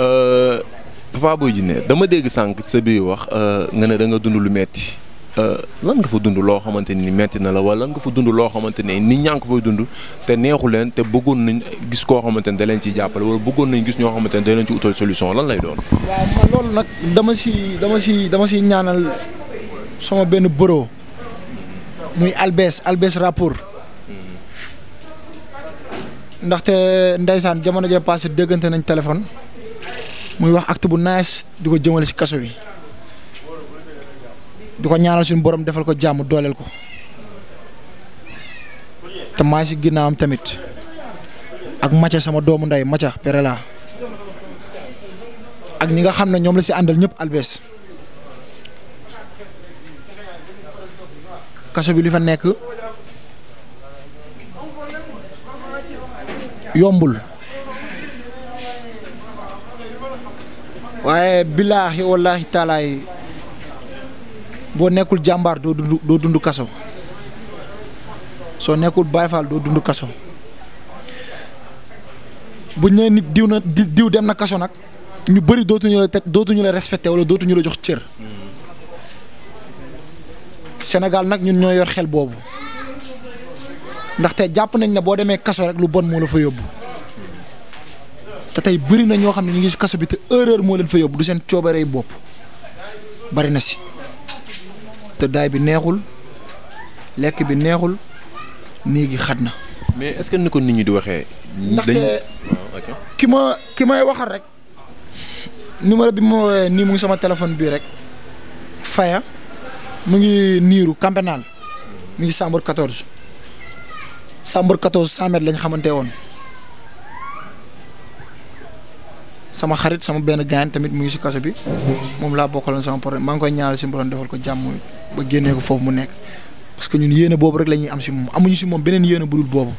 Euh, Papa Boy Djiné dama dégg sànq sa biir wax euh, nga ne danga dund lu metti euh, lan nga fa dund loo xamante ni metti na la wala lan nga fa dund loo xamante ni nit ñaa ngi dund te neexu leen te bëggoon nañ gis koo xamante ne da leen ciy jàppale wala bëggoon nañ gis ñoo xamante ne da leen ci utal solution lan lay doon. waaw man loolu nag dama si dama si dama si ñaanal sama benn bëroo muy Albès Albès rapport hmm. ndaxte Ndeysaan jamono jee passé déggante nañ téléphone. muy wax acte bu nice di ko jëmale ci kaso bi du ko ñaanal suñu borom defal ko jàmm dooleel ko te maa si am tamit ak Mathia sama doomu ndey nday Mathia laa ak ñi nga xam ne ñoom la si àndal ñëpp Albes kaso bi li fa nekk yombul. waaye billaahi wallaahi taalaay boo nekkul jàmbaar doo dund doo dund kaso soo nekkul bayfaal doo dund kaso buñ nee nit diw na diw dem na kaso nag ñu bëri dootuñu la te dootuñu la respecté wala dootuñu la jox cër senegal nag ñun ñoo yor xel boobu ndaxte jàpp nañ ne boo demee kaso rek lu bon moo la fa yóbbu. tey bëri na ñoo xam ne ñu ngi ci kaso bi te erreur moo leen fa yóbbu du seen coobaree bopp bari na si te daay bi neexul lekk bi neexul néeg yi xat na. mais est-ce que ko nit ñi di waxee. ndaxte ki ma ki may waxal rek numéro bi ma woowee nii mu ngi sama téléphone bii rek Faya mu ngi niiru Campenal mu ngi Sambour 14 Sambour 14 100 lañ xamante woon. sama xarit sama benn gaañ tamit mu ngi si kaso bi moom laa bokkaloon sama problème maa ngi koy ñaanal suñu borom defal ko jàmm ba génnee ko foofu mu nekk parce que ñun yéene boobu rek la ñuy am si moom amuñu si moom beneen yéene bu dul boobu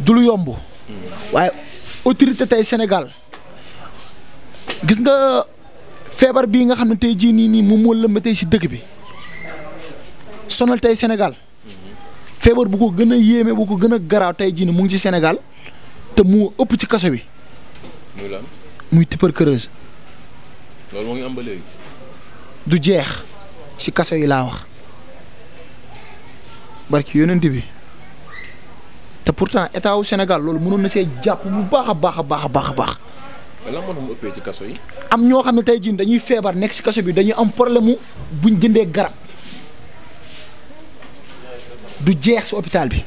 du lu yomb waaye autorité tey Sénégal gis nga feebar bii nga xam ne tey jii nii nii moom moo lëmb tey si dëkk bi sonal tey Sénégal feebar bu ko gën a yéeme bu ko gën a garaaw tey jii nii mu ngi ci Sénégal. te mu ëpp ci kaso bi. muy lan muy tuberculose. loolu du jeex ci kaso yi laa wax barki yonent bi te pourtant état wu Sénégal loolu mënoon na see jàpp bu baax a baax a baax baax a baax. lan moo ci kaso yi. am ñoo xam ne tey jii dañuy feebar nekk ci kaso bi dañuy am problème buñ jëndee garab du jeex ci hôpital bi.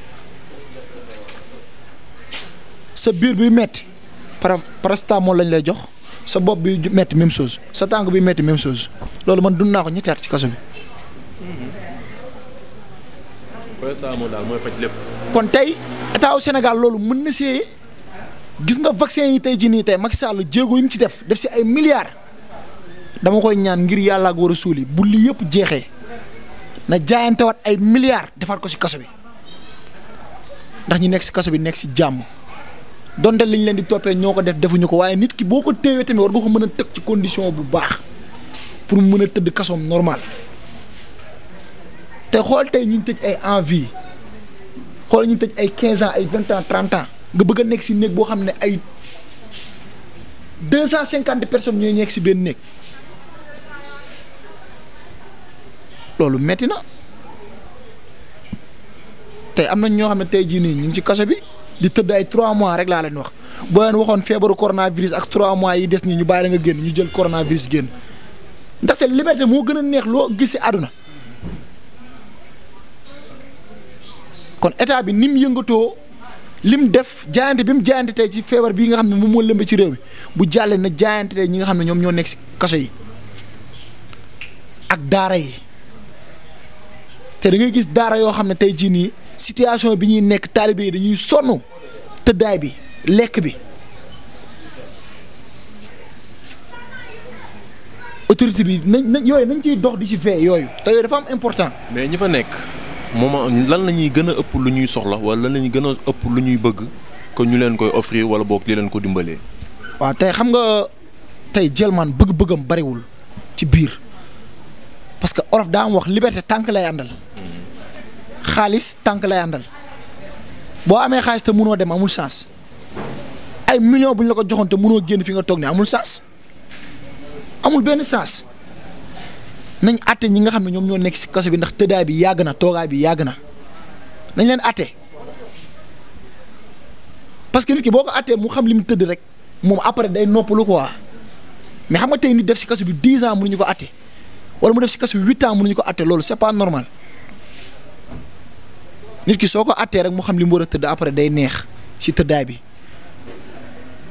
sa biir bi metti para paracétamol lañ lay jox sa bopp bi metti même chose sa tànk bi metti même chose loolu man dund naa ko ñetti at si kaso bi. kon tey état au loolu mën na see gis nga vaccin yi tey jii nii tey Macky Sall jéego yi mu ci def def si ay milliards dama koy ñaan ngir yàlla ak war a suuli bu lii yëpp jeexee na jaayantewaat ay milliards defaat ko si kaso bi ndax ñi nekk si kaso bi nekk ci jàmm. donte liñ leen di toppee ñoo ko def defuñu ko waaye nit ki boo ko téewee tamit war nga ko mën a teg ci condition bu baax pour mu mën a tëdd kasoom normal te xool tey ñu tëj ay envie xool ñu tëj ay 15 ans ay 20 ans 30 ans nga bëgg a nekk si néeg boo xam ne ay 250 personnes ñooy nekk si benn néeg loolu metti na tey am na ñoo xam ne tey jii nii ñu ci kaso bi. di tëdd ay trois mois rek laa leen wax boo leen waxoon feebaru coronavirus ak 3 mois yi des nii ñu bàyyi la nga génn ñu jël coronavirus génn ndaxte liberté moo gën a neex loo gis si àdduna kon état bi ni mu yëngatoo li mu def jaayante bi mu jaayante tey ci feebar bii nga xam ne moom moo lëmbe ci réew mi bu jàllee na jaayante tey ñi nga xam ne ñoom ñoo nekk si kaso yi ak daara yi te da gis daara yoo xam ne tey jii nii. situation bi ñuy nekk taalibe yi dañuy sonn tëddaay bi lekk bi autorité bi nañ nañ yooyu nañ ciy dox di ci fee yooyu te yooyu dafa am important. mais ñi fa nekk moom lan la ñuy gën a ëpp lu ñuy soxla wala lan nañuy ñuy gën a ëpp lu ñuy bëgg ko ñu leen koy offrir wala boog li leen ko dimbalee. waaw tey xam nga tey Jelmaan bëgg-bëggam bariwul ci biir parce que olof daa wax liberté tànk lay àndal. xaalis tànk lay àndal boo amee xaalis te mënoo dem amul chance ay million bu ñu la ko joxoon te mënoo génn fi nga toog ne amul chance amul benn chance nañ àtte ñi nga xam ne ñoom ñoo nekk si kaso bi ndax tëddaay bi yàgg na toogaay bi yàgg na nañ leen àtte parce que nit ki boo mu xam li mu tëdd rek moom après day noppalu quoi mais xam nga tey nit def ci kaso bi dix ans mënuñu ko àtte wala mu def ci kaso bi huit ans mënuñu ko àtte loolu c'est pas normal. nit ki soo ko attee rek mu xam li mu war a tëdd après day neex ci tëddaay bi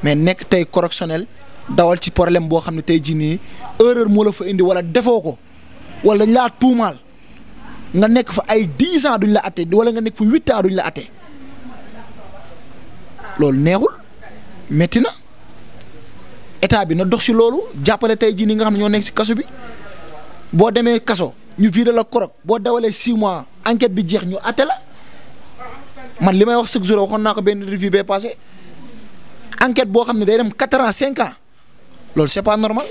mais nekk tey correctionnel dawal ci problème boo xam ne tey jii nii erreur moo la fa indi walla defoo ko wala dañ laa tuumaal nga nekk fa ay dix ans duñ la attee wala nga nekk fa huit ans duñ la attee loolu neexul metti na état bi na dox ci loolu jàppale tey jii nii nga xam ne ñoo nekk si kaso bi boo demee kaso ñu vidé la korok boo dawalee six enquête bi jeex ñu man li may wax chaque jour waxoon naa ko benn revue bee passé enquête boo xam ne day dem quatre ans cinq ans loolu c'est pas normal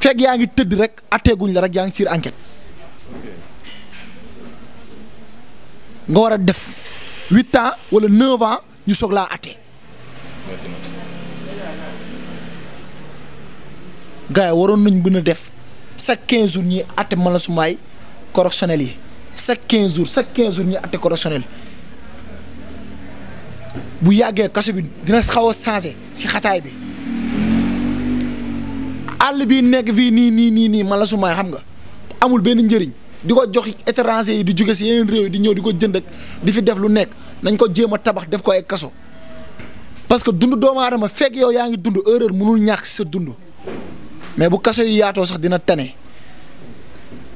fekk yaa ngi tëdd rek atteeguñ la rek yaa ngi siir enquête nga war a def huit ans wala neuf ans ñu soog laa atte gars yi waroon nañ mën a def chaque quinze jours ñuy atte mala sumaay correctionnel yi chaque quinze jours chaque 15 jours ñu àtte correctionnel bu yàggee kaso bi dina xaw a changé si xataay bi àll bi nekk fii nii nii nii nii man la su xam nga amul benn njëriñ di ko jox étranger yi di jóge si yeneen réew yi di ñëw di ko jënd di fi def lu nekk nañ ko jéem a tabax def ko ay kaso parce que dund doomu aadama fekk yow yaa ngi dund erreur mënul ñàkk sa dund mais bu kaso yi yaatoo sax dina tane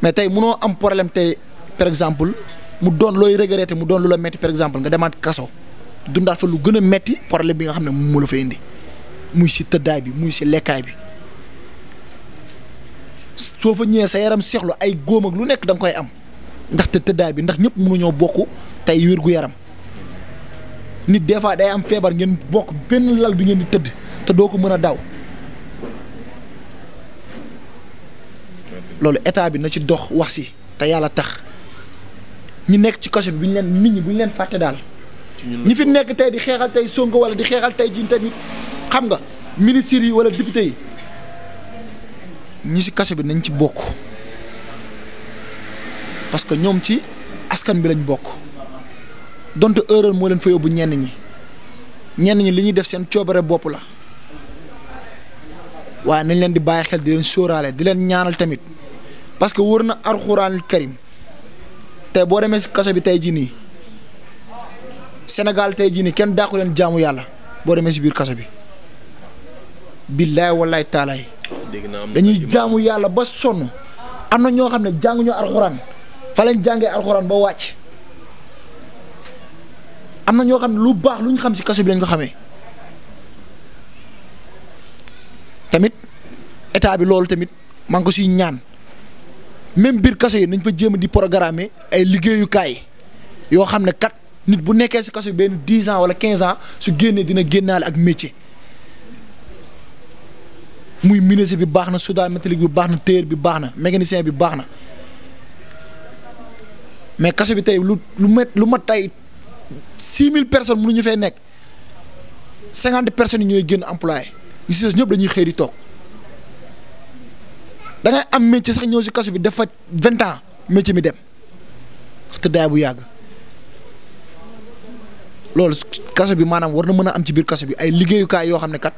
mais tey mënoo am problème tey. par exemple mu doon looy regretter mu doon lu la metti par exemple nga demaat kaso dundaat fa lu gën a metti problème bi nga xam ne moom moo lu fa indi muy si tëddaay bi muy si lekkaay bi soo fa ñëwee sa yaram seexlu ay góom ak lu nekk da koy am ndaxte tëddaay bi ndax ñëpp mënuñoo bokk tey wér gu yaram nit des fois day am feebar ngeen bokk benn lal bi ngeen di tëdd te doo ko mën a daw. loolu état bi na ci dox wax si te yàlla tax. ñi nekk ci kaso bi bu ñu leen nit ñi bu ñu leen fàtte daal. ñi fi nekk tey di xeexal tey Sonko wala di xeexal tey jii tamit xam nga ministres yi wala députés yi ñi si kaso bi nañ ci bokk parce que ñoom ci askan bi lañ bokk donte erreur moo leen fa yóbbu ñenn ñi ñenn ñi li ñuy def seen coobare bopp la waaye nañ leen di bàyyi xel di leen sóoraale di leen ñaanal tamit parce que wër na alxuraanul karim te boo demee si kaso bi tey jii nii Sénégal tey jii nii kenn dàqu leen jaamu yàlla boo demee si biir kaso bi billaay wallaay taalaay dañuy jaamu yàlla ba sonn am na ñoo xam ne jànguñu alxuraan fa lañ jàngee alxuraan ba wàcc am na ñoo xam ne lu baax lu ñu xam si kaso bi lañ ko xamee tamit état bi loolu tamit maa ngi ñaan. même biir kaso yi nañ fa jéem di programme ay liggéeyukaay yoo xam ne kat nit bu nekkee si kaso benn dix ans wala quinze ans su génnee dina génnaale ak métier muy menuisier bi baax na soudeur métallique bi baax na tailleur bi baax na mécanicien bi baax na mais kaso bi tey lu lu ma lu ma tey six mille personnes ñu fee nekk cinquante personnes yi ñooy génn employé ñu si ñëpp dañuy xëy di toog. da ngay am métier sax ñëw si kaso bi dafa vingt ans métier mi dem tëddaay bu yàgg loolu kaso bi maanaam war na mën a am ci biir kaso bi ay liggéeyukaay yoo xam ne kat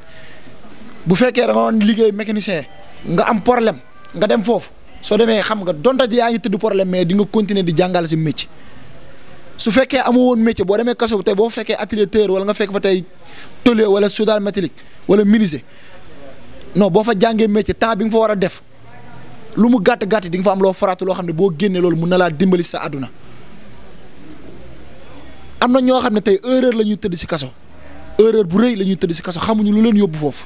bu fekkee da nga liggéey mécanicien nga am problème nga dem foofu soo demee xam nga donte yaa ngi tëdd problème mais di nga continuer di jàngale si métier. su fekkee amoo woon métier boo demee kaso tey boo fekkee atelier tailleur wala nga fekk fa tey tôlier wala soudal métallique wala menuisier no boo fa jàngee métier temps bi nga fa war a def lu mu gàtt gàtt di nga fa am loo faratu loo xam ne boo génnee loolu mun na laa dimbali sa àdduna am na ñoo xam ne tey erreur la ñuy tëdd si kaso erreur bu rëy la ñuy tëdd si kaso xamuñu lu leen yóbbu foofu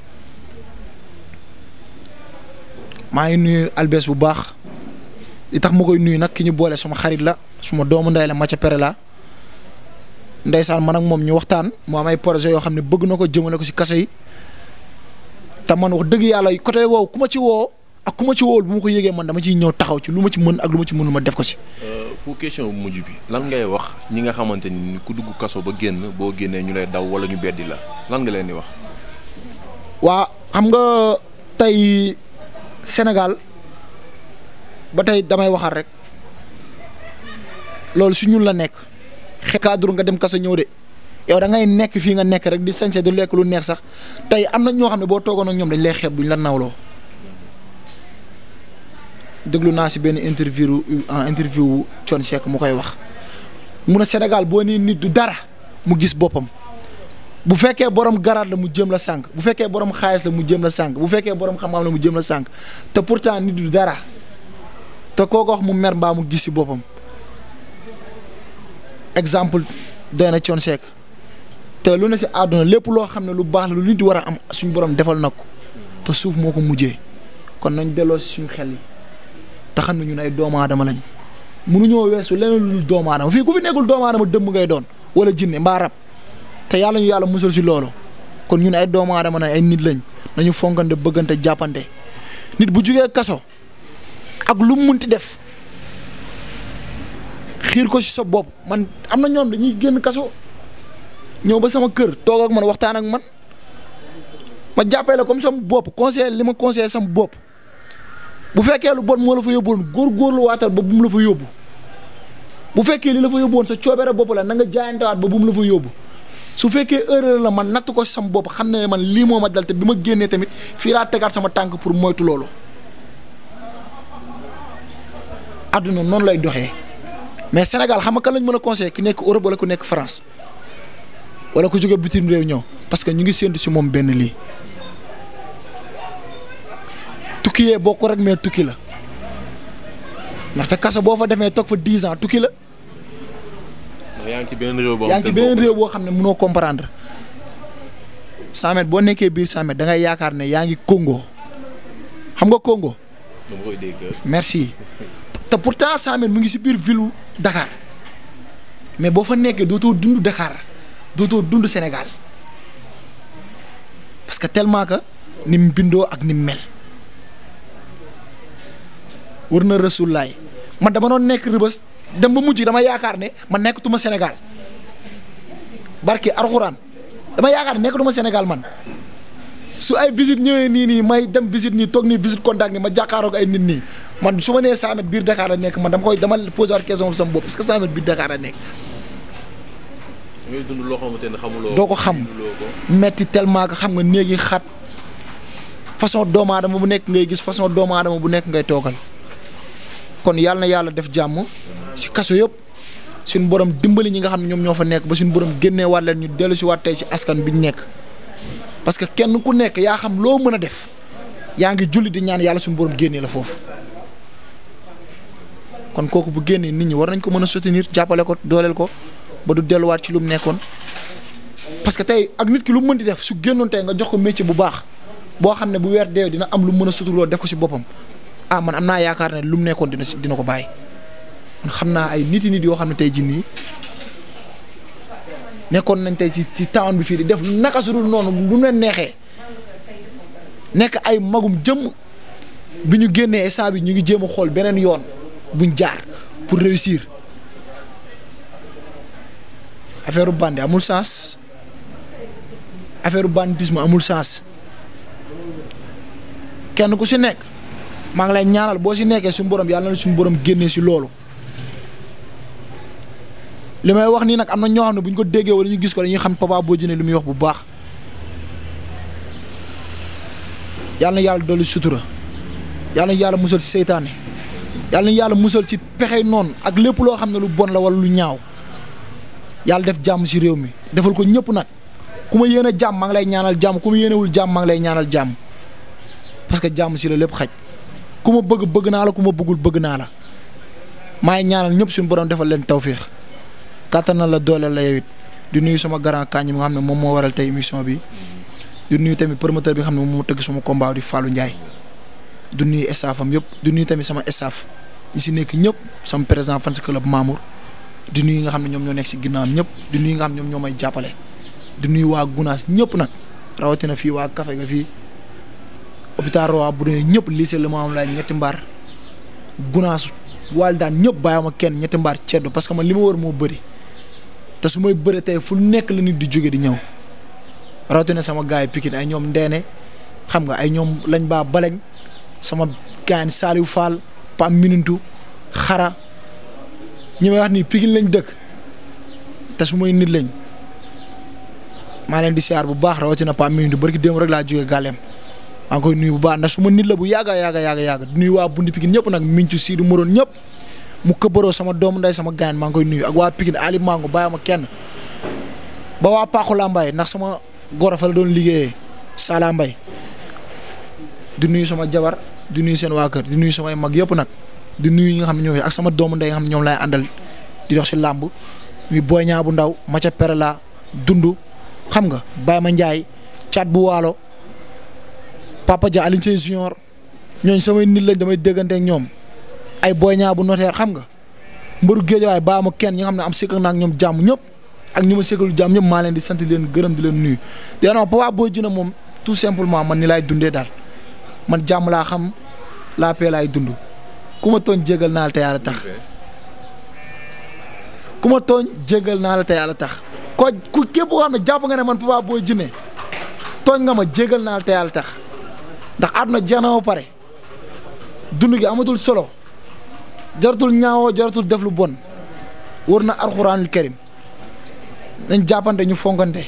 maa ngi nuyu Albès bu baax li tax ma koy nuyu nag ki ñu boole suma xarit la suma doomu ndey la Mathia Pere la ndeysaan man nag moom ñu waxtaan moo am ay projet yoo xam ne bëgg na ko jëmale ko ci kaso yi te man wax dëgg yàlla côté woowu ku ma ci woo. ak ku ci wóol bu ma ko yëgee man dama ciy ñëw taxaw ci lu ma ci mën ak lu ma ci mënul ma def ko si. Euh, pour question bu mujj bi lan ngay wax ñi nga xamante ni ku dugg kaso ba génn boo génnee ñu lay daw wala ñu beddi la lan nga leen di wax. waa xam nga tey Sénégal ba tey damay waxaat rek loolu su ñun la nekk. cadre nga dem kaso ñëw de yow da ngay nekk fii nga nekk rek di sañse di lekk lu neex sax tey am na ñoo xam ne boo toogoon ak ñoom dañ lay xeeb duñ la nawloo. déglu naa si benn interview en interview Thione Seck mu koy wax mu ne Sénégal boo nii nit du dara mu gis boppam bu fekkee borom garaat la mu jëm la sànq bu fekkee borom xaalis la mu jëm la sànk bu fekkee borom xam-xam la mu jëm la sànk te pourtant nit du dara te kooko wax mu mer mbaa mu gis si boppam exemple doy na Thione te lu ne si àdduna lépp loo xam ne lu baax la lu nit war a am suñu borom defal na ko te suuf moo ko mujjee kon nañ delloo si suñu xel yi. te xam ne ñun ay doomu aadama lañ mënuñoo weesu leneen lu dul fii ku fi nekkul doomu aadama dëmm ngay doon wala jinne mbaa rab te yàlla ñu yàlla musal si loolu kon ñun ay doomaadama aadama na ay nit lañ nañu fonkante bëggante jàppante nit bu jugee kaso ak lu mu munti def xiir ko si sa bopp man am na ñoom dañuy génn kaso ñëw ba sama kër toog ak man waxtaan ak man ma jàppee la comme sama bopp conseil li ma conseil sama bopp. bu fekkee lu bon moo la fa yóbbuwoon góor waatal ba bu mu la fa yóbbu bu fekkee li la fa yóbbuwoon sa coobere bopp la na nga jaayantewaat ba bu mu la fa yóbbu su fekkee erreur la man natt ko sama bopp xam ne man lii moo ma dal te bi ma génnee tamit fii laa tegaat sama tànk pour moytu loolu. àdduna noonu lay doxee mais senegal xam nga kan lañ mën a conseil ki nekk Europe wala ku nekk France wala ku jóge bitim réew ñëw parce que ñu ngi séntu si moom benn lii. tukki yee bokk rek mais tukki la ndaxte kaso boo fa defee toog fa dix ans tukki la. yaa ngi ci benn réew boo xam ne munoo comprendre. Samet boo nekkee biir Samet da ngay yaakaar ne yaa ngi Congo xam nga Congo. merci te pourtant Samet mu ngi si biir ville Dakar mais boo fa nekkee dootoo dund Dakar dootoo dund Sénégal parce que tellement que ni bindoo ak ni mel. wër na rasulaay man dama doon nekk rëbës dem ba mujj dama yaakaar ne ma nekkatuma Sénégal barki arxuraan dama yaakaar ne nekkatuma Sénégal man su ay visite ñëwee nii nii may dem visite nii toog nii visite contact nii ma jàkkaaroog ay nit nii man su ma nee 100 biir Dakar la nekk man dama koy dama posé waat question sama bopp est-ce que 100 mètres biir Dakar la nekk. ñooy doo ko xam metti tellement que xam nga néegi xat façon doomu aadama bu nekk ngay gis façon doomu bu nekk ngay toogal. kon yàlla na yàlla def jàmm si kaso yëpp suñu borom dimbali ñi nga xam ne ñoom ñoo fa nekk ba suñu borom génnee waat leen ñu dellu si waat tey si askan bi ñu nekk parce que kenn ku nekk yaa xam loo mën a def yaa ngi julli di ñaan yàlla suñ borom génnee la foofu kon kooku bu génnee nit ñi war nañ ko mën a soutenir jàppale ko dooleel ko ba du delluwaat ci lu mu nekkoon parce que tey ak nit ki lu mën di def su génnoon tey nga jox ko métier bu baax boo xam ne bu weer deewee dina am lu mën a suturloo def si boppam ah man am naa yaakaar ne lu mu nekkoon dina si dina ko bàyyi man xam naa ay nit yi nit yoo xam ne tey jii nii nekkoon nañ tey ci ci town bi fii di def naka su dul noonu lu leen neexee nekk ay magum jëm bi ñu génnee instant bi ñu ngi jéem a xool beneen yoon buñ jaar pour réussir affaire bandi amul sens affaire banditisme amul sens kenn ku si nekk. maa ngi lay ñaanal boo ci nekkee suñu borom yàlla na suñu borom génnee si loolu li may wax nii nag am na ñoo xam ne bu ñu ko déggee wala ñu gis ko dañuy xam Papa boo Djiné li muy wax bu baax yàlla na yàlla dolli sutura yàlla na yàlla musal ci seytaane yàlla na yàlla musal ci pexey noonu ak lépp loo xam ne lu bon la wala lu ñaaw yàlla def jàmm si réew mi defal ko ñëpp nag ku ma yéene jàmm maa ngi lay ñaanal jàmm ku ma yéenewul jàmm maa ngi lay ñaanal jàmm parce que jàmm si la lépp xaj. ku ma bëgg bëgg naa la ku ma bëggul bëgg naa la maa ngi ñaanal ñëpp suñu borom defal leen tawféex kattanal la dooleel la yow it di nuyu sama grand kañ nga xam ne moom moo waral tey émission bi di nuyu tamit promoteur bi nga xam ne moom moo tëgg suma combat di Fallou Ndiaye du nuyu staff am yëpp du nuyu tamit sama staff ñi si nekk ñëpp sama président fans club Mamour di nuyu nga xam ne ñoom ñoo nekk si ginnaawam ñëpp di nuyu nga xam ne ñoom ñoo may jàppale di nuyu waa Gunaas ñëpp nag rawatina fii waa Café ga fii. hôpital Roi bu dee ñëpp lycée am Maamlaay ñetti mbaar gunaas waal daan ñëpp bàyyi ma kenn ñetti mbaar ceddo parce que man li ma war moo bëri te su may bëri tey fu nekk la nit di jóge di ñëw rawatina sama gars yi Pikine ay ñoom ndeene xam nga ay ñoom lañ baa balañ sama gars yi Saliou Fall Pam xara ñi may wax nii Pikine lañ dëkk te su may nit lañ maa leen di siyaar bu baax rawatina Pam Minintu barki démb rek laa jóge gàlleem maa ngi koy nuyu bu baax ndax su ma nit la bu yàgg a yàgg a yàgg di nuyu waa bundi Pikine ñëpp nag mincu siidu moroon ñëpp mu këbëroo sama doomu nday sama gaan mag koy nuyu ak waa Pikine Ali Mango ma kenn ba waa Paaxu ndax sama goro fa la doon liggéeyee di nuyu sama jabar di nuyu seen waa kër di nuyu samay mag yëpp nag di nuyu ñi nga xam ne ñoo ak sama doomu ndey xam ne ñoom laay àndal di dox si làmb muy Boy bu ndaw Macha Perala dund xam nga Baye ma Ndiaye caat bu waalo Papa Dia Alioune Seye Junior ñooñu samay nit lañ damay déggante ñoom ay Boy Niang bu notaire xam nga mbëru géejawaay baa ma kenn ñu xam ne am sékk naa ak ñoom jàmm ñëpp ak ñu ma sékkalu jàmm ñëpp maa leen di sant leen gërëm di leen nuyu deenon Papa Boy moom tout simplement man ni laay dundee daal man jàmm laa xam laa pee laay dund ku tooñ jégal naa la te yàlla ku ma tooñ jégal naa la te yàlla tax ko ku képp koo xam ne jàpp nga ne man Papa Boy Djiné tooñ nga ma jégal naa la te yàlla tax ndax àdduna jeex na ba pare dund gi amatul solo jaratul ñaawoo jaratul def lu bon wër na alxuraanul karim nañ jàppante ñu fonkante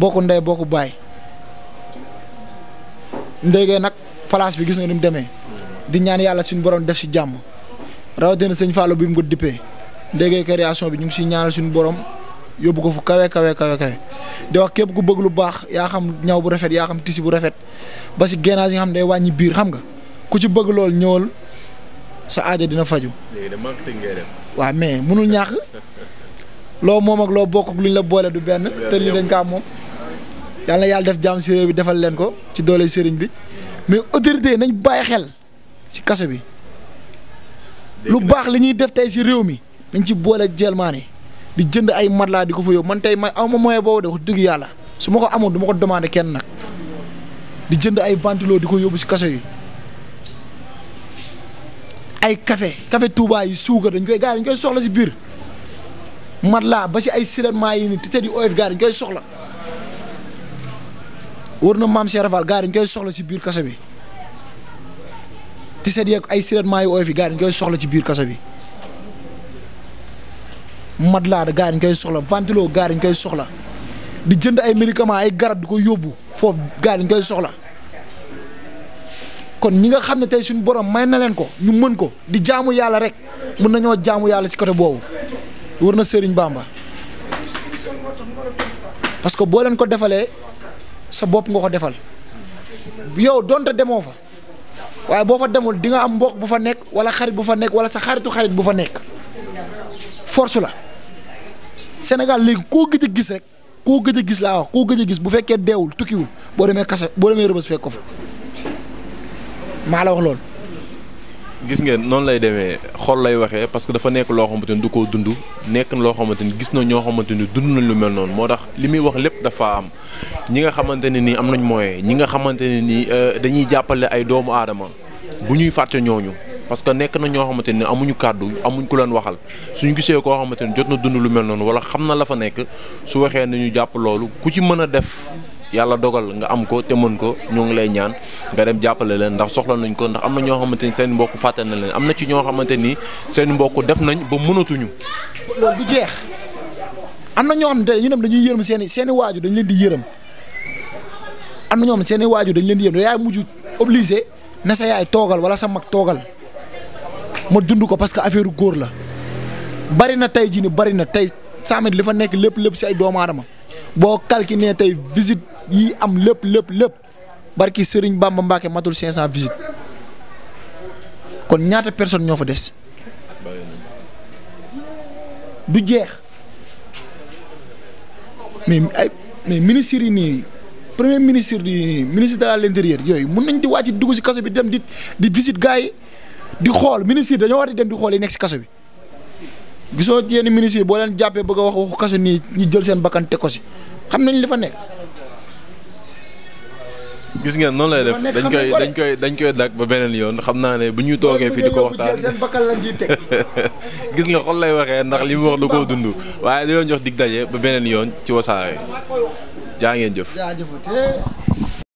bokku ndey bokku baay ndéegee nag place bi gis nga ni mu demee di ñaan yàlla suñu borom def ci jàmm rawatina sëñ Fallou bi mu ko dippee ndéegee création bi ñu ngi siy ñaanal suñu borom. yóbbu ko fu kawe kawe kawe kawe di wax képp ku bëgg lu baax yaa xam ñaw bu rafet yaa xam tisi bu rafet ba si gànnaar yi nga xam day wàññi biir xam nga ku ci bëgg lool ñëwal sa aajo dina faju waaw mais mënul ñàkk loo moom ak loo bokk luñ la boole du benn te añ dañ kaa moom yàlla na yàlla def jàmm si réew bi defal leen ko ci doole sëriñ bi mais autorité nañ bàyyi xel si kaso bi lu baax li ñuy def tey si réew mi nañ ci boole jelmaan yi di jënd ay laa di ko fa yóbbu man tey man aw ma moyen boobu de wax dëgg yàlla su ma ko amoon du ko demandé kenn nag di jënd ay ventilo di ko yóbbu ci kaso yi ay kafe kafe tuubaay yi suukar dañ koy gars dañ koy soxla si biir matelas ba si ay silement yi ni ti seet yi of gars dañ koy soxla war na maam Cheikh dañ koy soxla si biir kaso bi ti seet yeeg ay silement yi of yi gars dañ koy soxla ci biir kaso bi matelas de gars yi koy soxla ventilo gars yi ñu koy soxla di jënd ay médicaments ay garab di ko yóbbu foofu gars yi koy soxla kon ñi nga xam ne tey suñu borom may na leen ko ñu mën ko di jaamu yàlla rek mën nañoo jaamu yàlla si côté boobu war na Serigne Bamba parce que boo leen ko defalee sa bopp nga ko defal yow doonte demoo fa waaye boo fa demul di nga am mbokk bu fa nekk wala xarit bu fa nekk wala sa xaritu xarit bu fa nekk force la. Sénégal léegi koo gëj a gis rek koo gëj a gis laa wax koo gëj a gis bu fekkee deewul tukkiwul boo demee kase boo demee rëbës fekk ko fa maa la wax loolu. gis ngeen noonu lay demee xool lay waxee parce que dafa nekk loo xamante ni du ko dund nekk loo xamante ni gis na ñoo xamante ni dund nañ lu mel noonu moo tax li muy wax lépp dafa am ñi nga xamante ne nii am nañ moyen ñi nga xamante ne nii euh, dañuy jàppale ay doomu aadama bu ñuy fàtte ñooñu. parce que nekk na ñoo xamante ni amuñu kàddu amuñ ku leen waxal su ñu gisee koo xamante ni jot na dund lu mel noonu wala xam na la fa nekk su waxee nañu jàpp loolu ku ci mën a def yàlla dogal nga am ko te mën ko ñoo ngi lay ñaan nga jàppale leen ndax soxla nañ ko ndax am na ñoo xamante ni seen mbokk fàttal na leen am na ci ñoo xamante nii seen mbokk def nañ ba mënatuñu. loolu du jeex am na ñoo xam ne ñu dañuy yërëm seen i seen i waaju leen di yërëm am na ñoo xam ne seen i waaju dañ leen di yërëm yaay mujj obligé na sa toogal wala sa mag toogal ma dund ko parce que affaire góor la bari na tey jii ni bari na tey Samed li fa nekk lépp lépp si ay doomu aadama boo calculé tey visite yi am lépp lépp lépp barki Serigne Bamba Mbacke matul 500 visite kon ñaata personne ñoo fa des du jeex mais ay mais ministres yi nii premier ministre yi nii ministre de l'intérieur yooyu mun nañ di wàcc dugg si kaso bi dem di di visite gars yi di xool ministre dañoo war a dem di xool yi nekk si kaso bi gisoo yenn ministre yi boo leen jàppee bëgg a wax waxu kaso nii ñu jël seen bakkan teg ko si xam nañ li fa nekk. gis ngeen noonu lay def dañ koy dañ koy dañ koy dàq ba beneen yoon xam naa ne bu ñu toogee fii di ko waxtaan gis nga xol lay waxee ndax li mu wax du ko dund waaye di jox dig daje ba beneen yoon ci wasaare jaa ngeen jëf.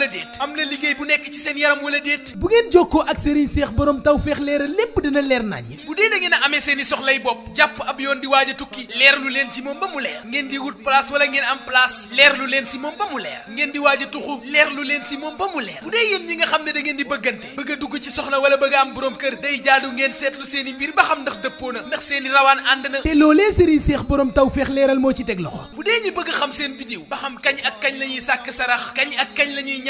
wala déet am na liggéey bu nekk ci seen yaram wala déet bu ngeen jokkoo ak Serigne Seex borom tawfeex leeral lépp dina leer naññ bu dee na ngeen a amee seen i soxlay bopp jàpp ab yoon di waaja a tukki leer lu leen ci moom ba mu leer ngeen di wut place wala ngeen am place leer leen si moom ba mu leer ngeen di waaja a tuxu leer lu leen si moom ba mu leer bu dee yéen ñi nga xam ne da ngeen di bëggante bëgg a dugg ci soxna wala bëgg a am borom kër day jaadu ngeen seetlu ba xam ndax dëppoo na ndax seen i rawaan ànd na te loolee Serigne moo ci teg loxo bu dee bëgg xam seen bidiw ba xam kañ ak kañ la ñuy sàkk sarax kañ ak kañ la ñuy